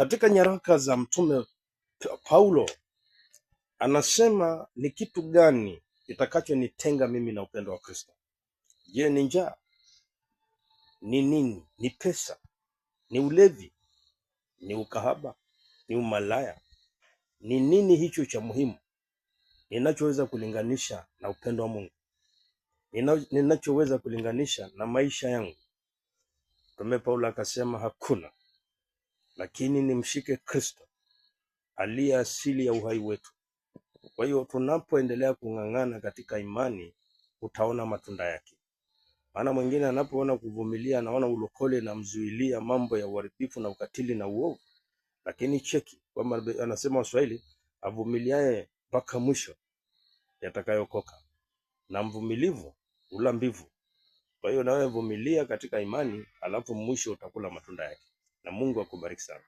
Katika nyaraka za Mtume Paulo anasema ni kitu gani kitakachonitenga mimi na upendo wa Kristo? Je, ni njaa? Ni nini? Ni pesa? Ni ulevi? Ni ukahaba? Ni umalaya? Ni nini hicho cha muhimu ninachoweza kulinganisha na upendo wa Mungu, ninachoweza kulinganisha na maisha yangu? Mtume Paulo akasema hakuna lakini nimshike Kristo aliye asili ya uhai wetu. Kwa hiyo tunapoendelea kung'ang'ana katika imani, utaona matunda yake. Maana mwingine anapoona kuvumilia, anaona ulokole namzuilia mambo ya uharibifu na ukatili na uovu, lakini cheki kwamba anasema Waswahili, avumiliaye mpaka mwisho yatakayokoka, na mvumilivu ula mbivu. Kwa hiyo nawe vumilia katika imani, alafu mwisho utakula matunda yake na Mungu akubariki sana.